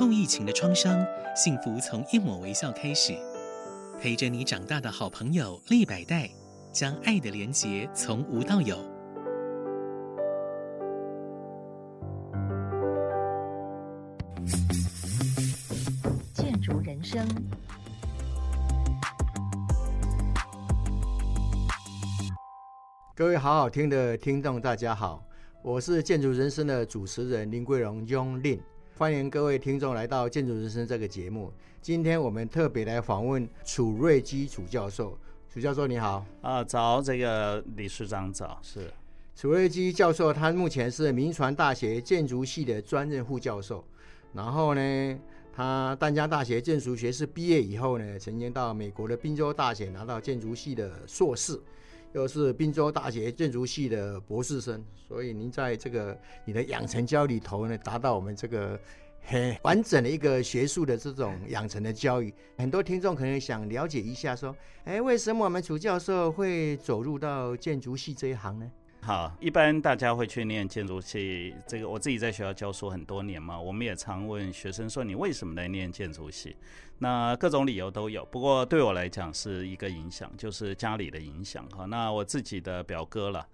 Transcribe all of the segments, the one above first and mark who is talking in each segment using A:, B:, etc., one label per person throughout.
A: 後疫情的創傷，幸福從一抹微笑開始。陪着你長大的好朋友利百代，將愛的連結從無到有。建築人生，
B: 各
A: 位好好聽的聽眾，大家好，我是建築人生的主持人林貴榮 Yong Lin。歡迎各位聽眾來到《建築人生》這個節目。今天我們特別來訪問褚瑞基褚教授。褚教授你好
B: 啊，早，這個理事長，
A: 早。是褚瑞基教授，他目前是銘傳大學建築系的專任副教授。然後呢，他淡江大學建築學士畢業以後呢，曾經到美國的賓州大學拿到建築系的碩士。又是賓州大學建築系的博士生，所以您在這個你的養成教育裡頭呢，達到我們這個嘿，完整的一個學術的這種養成的教育。很多聽眾可能想了解一下，說，哎、欸，為什麼我們褚教授會走入到建築系這一行呢？
B: 好，一般大家會去念建築系。這個我自己在學校教書很多年嘛，我們也常問學生說：“你為什麼來念建築系？”那各種理由都有。不過對我來講是一個影響，就是家裡的影響。哈，那我自己的表哥了。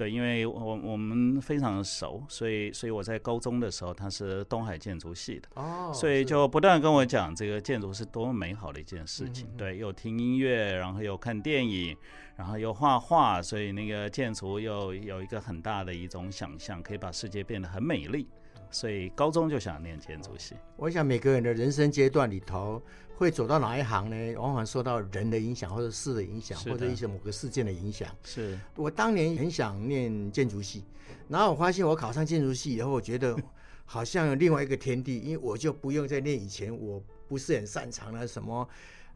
B: 對，因為我我們非常熟，所以所以我在高中的時候，他是東海建築系的，哦，所以就不斷跟我講這個建築是多麼美好的一件事情。是的。對，又聽音樂，然後又看電影，然後又畫畫，所以那個建築又有一個很大的一種想象，可以把世界變得很美麗。所以高中就想念建築系。
A: 我想每個人的人生階段裡頭。會走到哪一行呢？往往受到人的影響，或者事的影響，是的 或者一些某個事件的影響。是的，我當年很想念建築系，然後我發現我考上建築系以後，我覺得好像有另外一個天地， 因為我就不用再念以前我不是很擅長的什麼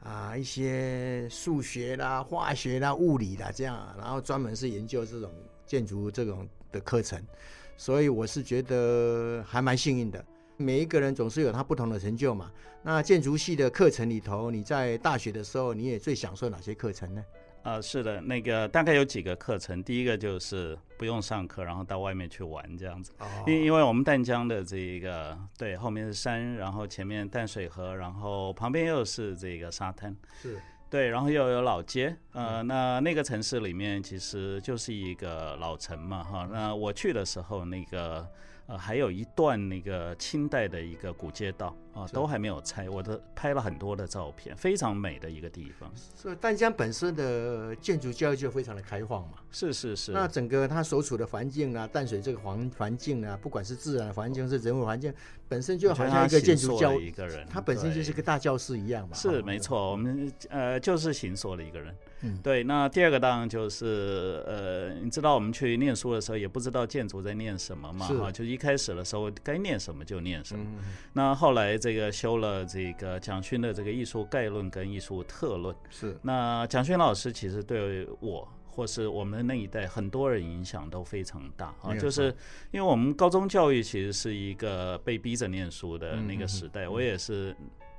A: 啊、呃、一些數學啦、化學啦、物理啦這樣，然後專門是研究這種建築這種的課程，所以我是覺得還蠻幸運的。每一個人總是有他不同的成就嘛。那建築系的課程裡頭，你在大學的時候，你也最享受哪些課程呢？
B: 啊、呃，是的，那個大概有幾個課程。第一個就是不用上課，然後到外面去玩這樣子。哦、因為因為我們淡江的這一個，對，後面是山，然後前面淡水河，然後旁邊又是這個沙灘。是。對，然後又有老街。呃，對那那個城市裡面其實就是一個老城嘛，哈。那我去的時候，那個。呃，還有一段那個清代的一個古街道啊，是都還沒有拆，我都拍了很多的照片，非常美的一個地方。
A: 所以淡江本身的建築教育就非常的開放嘛。
B: 是是是。那
A: 整個它所處的環境啊，淡水這個環環境啊，不管是自然環境、哦、是人文環境，本身就好像一個建築教育一個人，他本身就是一個大教室一樣
B: 嘛。對是沒錯，我們呃就是形塑的一個人。嗯，對。那第二個當然就是呃，你知道我們去念書的時候也不知道建築在念什麼嘛，啊、哦、就。一開始的時候該念什麼就念什麼，嗯、哼那後來這個修了這個蔣勳的這個藝術概論跟藝術特論，是那蔣勳老師其實對我或是我們那一代很多人影響都非常大啊，嗯、哼就是因為我們高中教育其實是一個被逼着念書的那個時代，嗯、哼我也是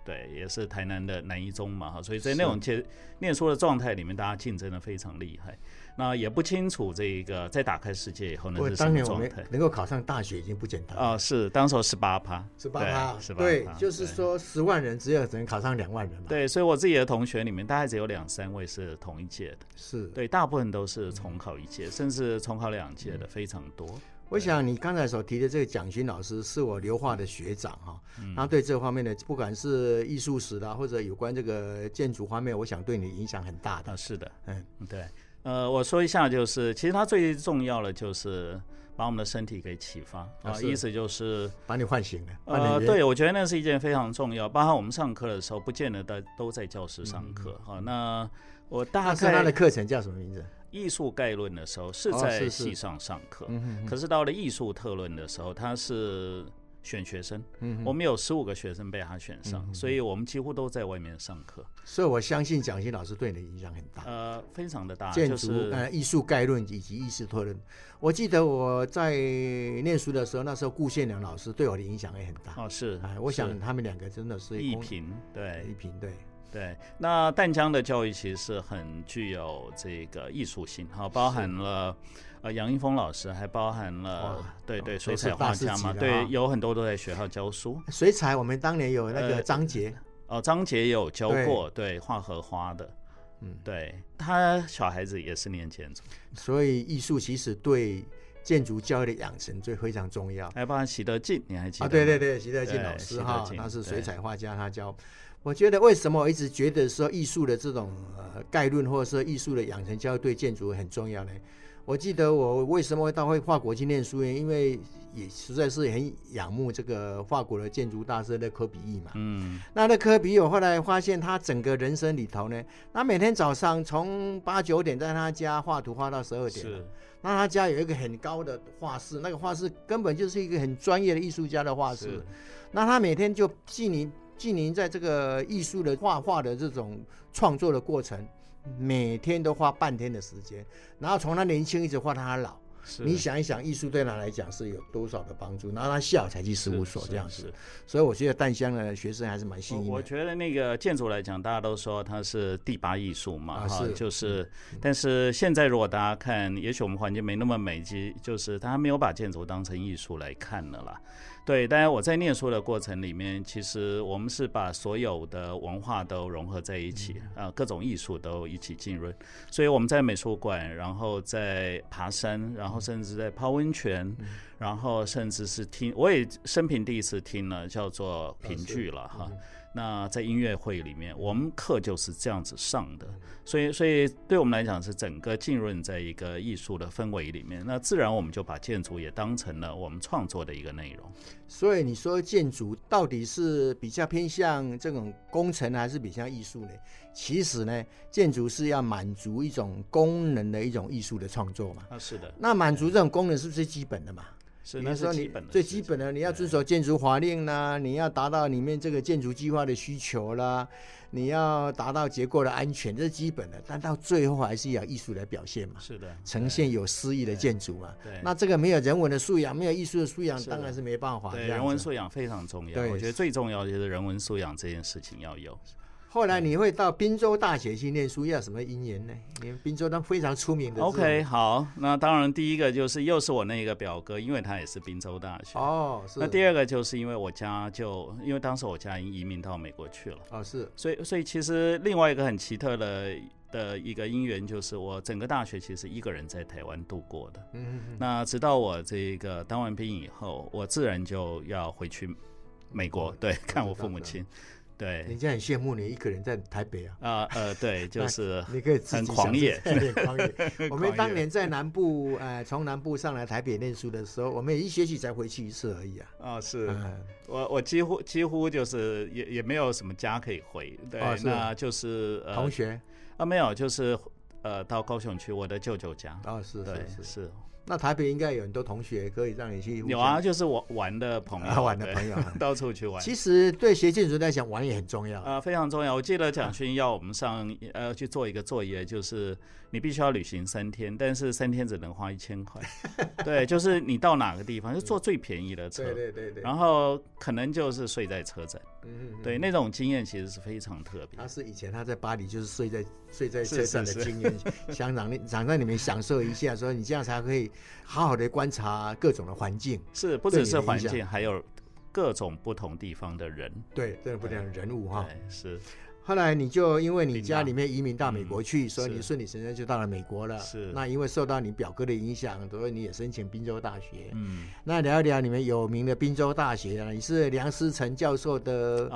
B: 對，也是台南的南一中嘛哈，所以在那種其實念書的狀態裡面，大家競爭的非常厲害。那也不清楚，這一個在打開世界以後呢是什麼狀態？不過當年我們能夠考上大學已經不簡單了。啊，是當時候十八趴，十八趴是吧？對，就
A: 是說十萬人只有只能考上兩萬人
B: 嘛。對，所以我自己的同學裡面大概只有兩三位是同一屆的。是對，大部分都是重考一屆，甚至重考兩屆的非常多。我想你剛才所提的這個蔣勳老師是我留化
A: 的學長哈，他對這方面的不管是藝術史的或者有關這個建築方面，我想對你影響很大的。啊，是的，嗯，
B: 對。呃，我說一下，就是其實它最重要的就是把我們的身體給啟發啊，意思就是把你喚醒了。呃，對，我覺得那是一件非常重要。包括我們上課的時候，不見得都都在教室上課。哈、嗯嗯，那我大概、啊、他的課
A: 程叫什麼名字？
B: 藝術概論的時候是在系上上課，哦、是是，可是到了藝術特論的時候，他是。選學生，嗯哼，我們有十五個學生被他選上，嗯、哼所以我們幾乎都在外面上課。
A: 所以我相信蔣欣老師對你的影響很
B: 大，呃，非常的大。建築築、就是、呃藝
A: 術概論以及藝術特論，我記得我在念書的時候，那時候顧憲良老師對我的影響也很大。哦，是，哎，我想他們兩個真的是一平對一平對。
B: 對，那淡江的教育其實是很具有這個藝術性，哈，包含了，嗎呃，楊英風老師還包含了，哇對，對對，水彩畫家嘛，啊、對，有很多都在學校教書。
A: 水彩我們當年有那個張傑，
B: 哦、呃，張、呃、傑有教過，對，畫荷花的，嗯、對，他小孩子也是年前，所以藝術其實對，建築教育的養成最非常重要。來幫包徐德進，你還記得嗎？啊、對對對，徐德進老師對哈，他是水彩畫
A: 家，他教。對我覺得為什麼我一直覺得說藝術的這種、呃、概論，或者說藝術的養成教育對建築很重要呢？我記得我為什麼會到會法國去念書院，因為也實在是很仰慕這個法國的建築大師的科比意嘛。嗯，那的科比意，我後來發現他整個人生裡頭呢，他每天早上從八九點在他家畫圖畫到十二點。是。那他家有一個很高的畫室，那個畫室根本就是一個很專業的藝術家的畫室。是。那他每天就浸淫浸淫在這個藝術的畫畫的這種創作的過程。每天都花半天的時間，然後從他年輕一直畫到他老。是你想一想，藝術對他來講是有多少的幫助？然後他下午才去事務所這樣子。所以我覺得淡香的學生還是蠻幸運的。我
B: 覺得那個建築來講，大家都說它是第八藝術嘛，哈、啊啊，就是。嗯、但是現在如果大家看，也許我們環境沒那麼美，其實就就是大家沒有把建築當成藝術來看的啦。對，當然我在念書的過程裡面，其實我們是把所有的文化都融合在一起，啊、嗯呃，各種藝術都一起浸潤。所以我們在美術館，然後在爬山，然後甚至在泡溫泉，嗯、然後甚至是聽，我也生平第一次聽了，叫做評劇了、啊、哈。嗯那在音樂會裡面，我們課就是這樣子上的，所以，所以對我們來講是整個浸潤在一個藝術的氛圍裡面，那自然我們就把建築也當成了我們創作的一個內容。所以你說建築到底是比較偏向這種工程，還是比較藝術呢？
A: 其實呢，建築是要滿足一種功能的一種藝術的創作嘛。啊，是的。那滿足這種功能是不是最基本的嘛？嗯比如說你最基本的你要遵守建築法令啦、啊，對你要達到裡面這個建築計劃的需求啦，你要達到結構的安全，這是基本的。但到最後還是要藝術來表現嘛，是的，呈現有詩
B: 意的建築嘛。對對，那
A: 這個沒有人文的素養，沒有藝術的素養，當然是沒辦法的對。對人文
B: 素養非常重要，對我覺得最重要的就是人文素養這件事情要有。
A: 後來你會到賓州大學去念書，要什麼因緣呢？你們賓州它非常出名的。O.K.
B: 好，那當然第一個就是又是我那個表哥，因為他也是賓州大學。哦，是。那第二個就是因為我家就因為當時我家已經移民到美國去了啊。哦，是。所以所以其實另外一個很奇特的的一個因緣就是我整個大學其實一個人在台灣度過的。嗯。那直到我這個當完兵以後，我自然就要回去美國，對，看我父母親。嗯嗯嗯對，人家很羨慕你一個人在台北啊！啊呃，對，就是 你可以很狂野，狂
A: 野。我們當年在南部，呃，從南部上來台北唸書的時候，我們也一學期才回去一次而已啊！啊、
B: 呃，是、嗯、我我幾乎幾乎就是也也沒有什麼家可以回。對，哦、那就是呃同學啊，沒有，就是呃到高雄去我的舅舅家。哦，是，對，是。是
A: 那台北應該有很多同學可以讓你去。有啊，
B: 就是玩的玩的朋友，玩的朋友， 到處去玩。其實
A: 對學建築來講，玩也很重要
B: 啊，非常重要。我記得蔣勳要我們上呃、啊啊、去做一個作業，就是你必須要旅行三天，但是三天只能花一千塊。 對，就是你到哪個地方，就坐最便宜的車，嗯、對，對對對，然後可能就是睡在車站。 對那種經驗其實是非常特別的。他是以前他在巴黎就是睡在睡在車上的經驗是是是，
A: 想讓讓在裡面享受一下說，說你這樣才可以好好的觀察各種的環境。是，不只是環境，還
B: 有各種不同地方的人。對，各種不同對人物哈、哦。是。
A: 後來你就因為你家裡面移民到美國去，啊嗯、所以你順理成章就到了美國了。是，那因為受到你表哥的影響，所以你也申請賓州大學。
B: 嗯，
A: 那聊一聊你們有名的賓州大學，你是梁思成教授的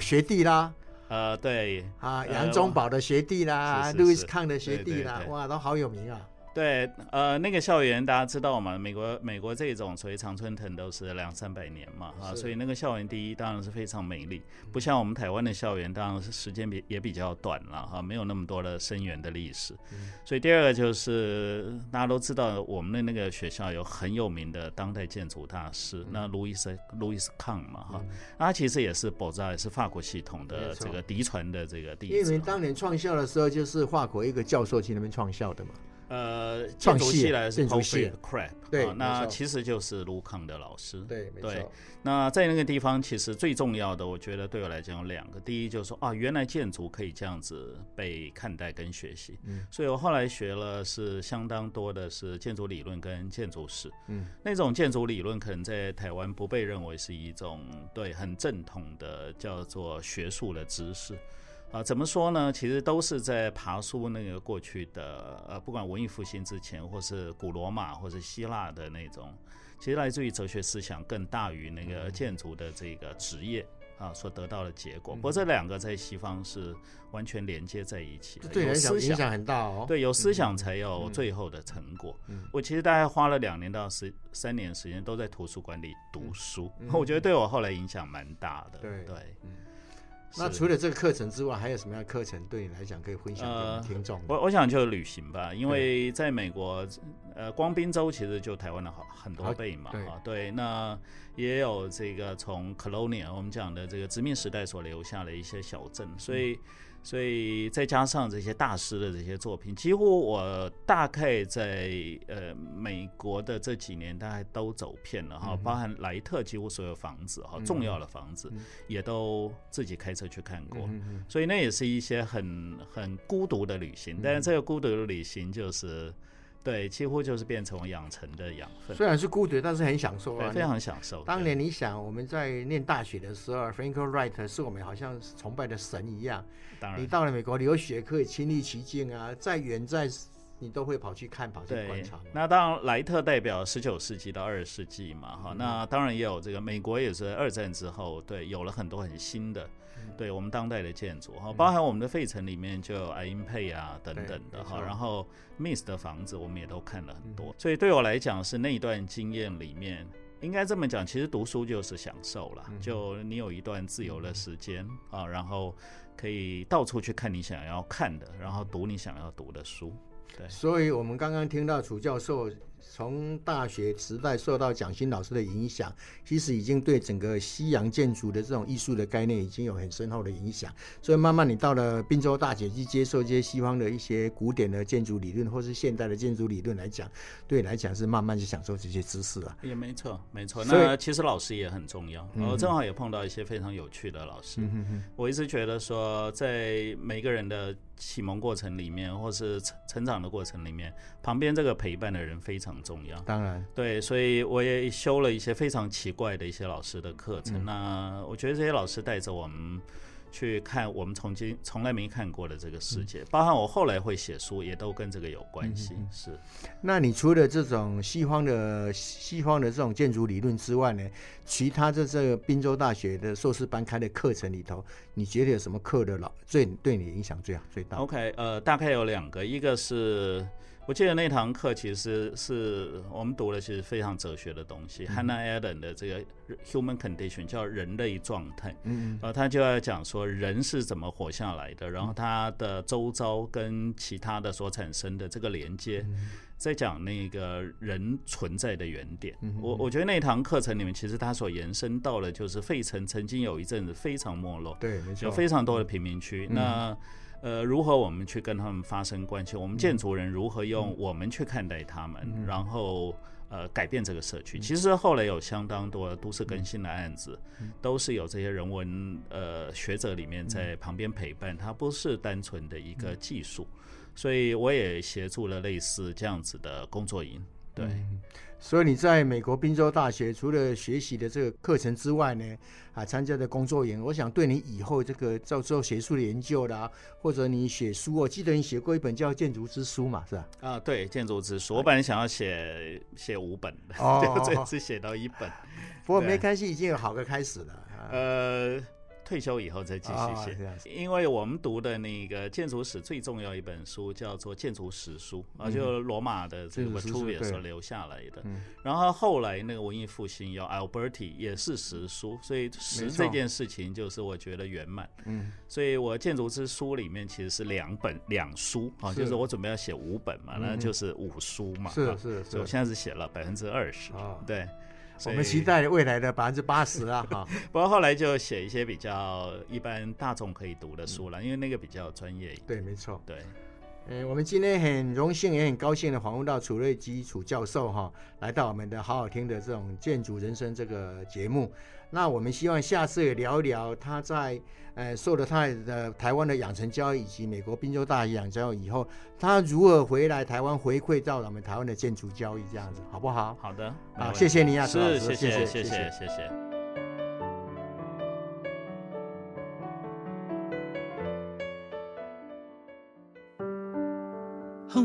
A: 學弟啦。
B: 哦呃、對啊，對啊、呃，楊宗寶
A: 的學弟啦，Louis Kahn 的學弟啦，哇，都好有名啊。
B: 對，呃，那個校園大家知道嘛？美國美國這種所謂常春藤都是兩三百年嘛，哈，是所以那個校園第一當然是非常美麗，不像我們台灣的校園，當然是時間也比也比較短了，哈，沒有那麼多的深遠的歷史。嗯、所以第二個就是大家都知道，我們的那個學校有很有名的當代建築大師，嗯、那路易斯路易斯康嘛，哈，嗯、他其實也是，Beaux-Arts 也是法國系統的這個嫡傳的這個弟子，因為當
A: 年創校的時候就是法國一個教授去那邊創校的嘛。呃，建築系來是 Paul Cret，啊，對，那其
B: 實就是盧康的老師，對，對。沒錯，那在那個地方，其實最重要的，我覺得對我來講有兩個，第一就是說啊，原來建築可以這樣子被看待跟學習，嗯，所以我後來學了是相當多的是建築理論跟建築史，嗯，那種建築理論可能在台灣不被認為是一種對很正統的叫做學術的知識。啊、呃，怎麼說呢？其實都是在爬梳那個過去的，呃，不管文藝復興之前，或是古羅馬，或是希臘的那種，其實來自於哲學思想更大於那個建築的這個職業、嗯、啊所得到的結果。不過這兩個在西方是完全連接在一起的，對、嗯，有思想影響很大哦。對，有思想才有最後的成果。嗯嗯、我其實大概花了兩年到十三年時間都在圖書館裡讀書，嗯、我覺得對我後來影響蠻大的。對，對。嗯那除了這個課程之
A: 外，還有什麼樣的課程對你來講可以分享給聽眾
B: 的？呃，我我想就旅行吧，因為在美國，呃，光賓州其實就台灣的好很多倍嘛，啊，對，對。那也有這個從 Colonial，我們講的這個殖民時代所留下的一些小鎮，所以。嗯所以再加上這些大師的這些作品，幾乎我大概在呃美國的這幾年，大概都走遍了哈，包含萊特幾乎所有房子哈，重要的房子也都自己開車去看過，所以那也是一些很很孤獨的旅行，但是這個孤獨的旅行就是。對，幾乎就是變成我養成的養分。雖然是孤
A: 獨，但是很享受啊，對你非常享受。當年你想，對我們在念大學的時候對，Frankel Wright 是我們好像崇拜的神一樣。當然，你到了美國留學，可以親歷其境啊。再遠再，你都會跑去看，跑去觀察
B: 對。那當然，萊特代表十九世紀到二十世紀嘛，哈、嗯。那當然也有這個美國，也是二戰之後，對，有了很多很新的。對我們當代的建築哈，包含我們的費城裡面就有 I.M. Pei 啊等等的哈，嗯、然後 MIS 的房子我們也都看了很多，嗯、所以對我來講是那一段經驗裡面，應該這麼講，其實讀書就是享受啦，就你有一段自由的時間、嗯、啊，然後可以到處去看你想要看的，然後讀你想要讀的書。
A: 對，所以我們剛剛聽到楚教授，從大學時代受到蔣欣老師的影響，其實已經對整個西洋建築的這種藝術的概念已經有很深厚的影響。所以慢慢你到了賓州大學去接受這些西方的一些古典的建築理論，或是現代的建築理論來講，對你來講是慢慢去享受這些知識了、啊。
B: 也沒錯，沒錯。那其實老師也很重要。所以，我正好也碰到一些非常有趣的老師。嗯、哼哼。我一直覺得說，在每個人的啟蒙過程裡面，或是成長的過程裡面，旁邊這個陪伴的人非常很重要，當然對，所以我也修了一些非常奇怪的一些老師的課程、啊。那、嗯、我覺得這些老師帶着我們去看我們曾經從來沒看過的這個世界，嗯、包含我後來會寫書也都跟這個有關係。嗯嗯、是，
A: 那你除了這種西方的西方的這種建築理論之外呢，其他的這個賓州大學的碩士班開的課程裡頭，你覺得有什麼課的老最對你影響最好、最大,大,最
B: 最最大？OK，呃，大概有兩個，一個是。我記得那堂課其實是我們讀了其實非常哲學的東西。Hannah Arendt 的這個《Human Condition》叫《人類狀態》，然後他就要講說人是怎麼活下來的，然後他的周遭跟其他的所產生的這個連接，在講那個人存在的原點。我我覺得那堂課程裡面，其實他所延伸到了，就是費城曾經有一陣子非常沒落，對，有非常多的貧民區。那呃，如何我們去跟他們發生關係？我們建築人如何用我們去看待他們，然後呃改變這個社區。其實後來有相當多都市更新的案子，都是有這些人文呃學者裡面在旁邊陪伴，它不是單純的一個技術，所以我也協助了類似這樣子的工作營，對。
A: 所以你在美國賓州大學，除了學習的這個課程之外呢，啊，參加的工作研。我想對你以後這個做做學術研究啦，或者你寫書哦，喔，記得你寫過一本叫《建築之書》嘛，是
B: 吧？啊，對，《建築之書》，我本來想要寫寫五本的，哎，就只寫到一本，不過沒關係，已經有好的開始了。呃。退休以後再繼續寫，oh, yes. 因為我們讀的那個建築史最重要一本書叫做《建築十書》，嗯、啊,就羅馬的這個 Vitruvius 所留下來的。嗯、然後後來那個文藝復興要 Alberti 也是十書，所以十這件事情就是我覺得圓滿。嗯錯，所以我建築之書裡面其實是兩本兩書啊，是就是我準備要寫五本嘛，嗯嗯，那就是五書嘛。是，是是是，我現在是寫了百分之二十。啊好，對。我們期待未來的百分之八十啊，哈！不過後來就寫一些比較一般大眾可以讀的書了，嗯、因為那個比較專業。對，沒錯，對。
A: 嗯、我們今天很榮幸也很高興的訪問到褚瑞基褚教授哈、哦，來到我們的好好聽的這種建築人生這個節目。那我們希望下次也聊一聊他在，呃、受了他的台灣的養成教育，以及美國賓州大學養教以後，他如何回來台灣回饋到我們台灣的建築教育這樣子，好
B: 不好？好的，
A: 好，啊，謝謝你啊，褚老師，謝謝謝謝謝謝。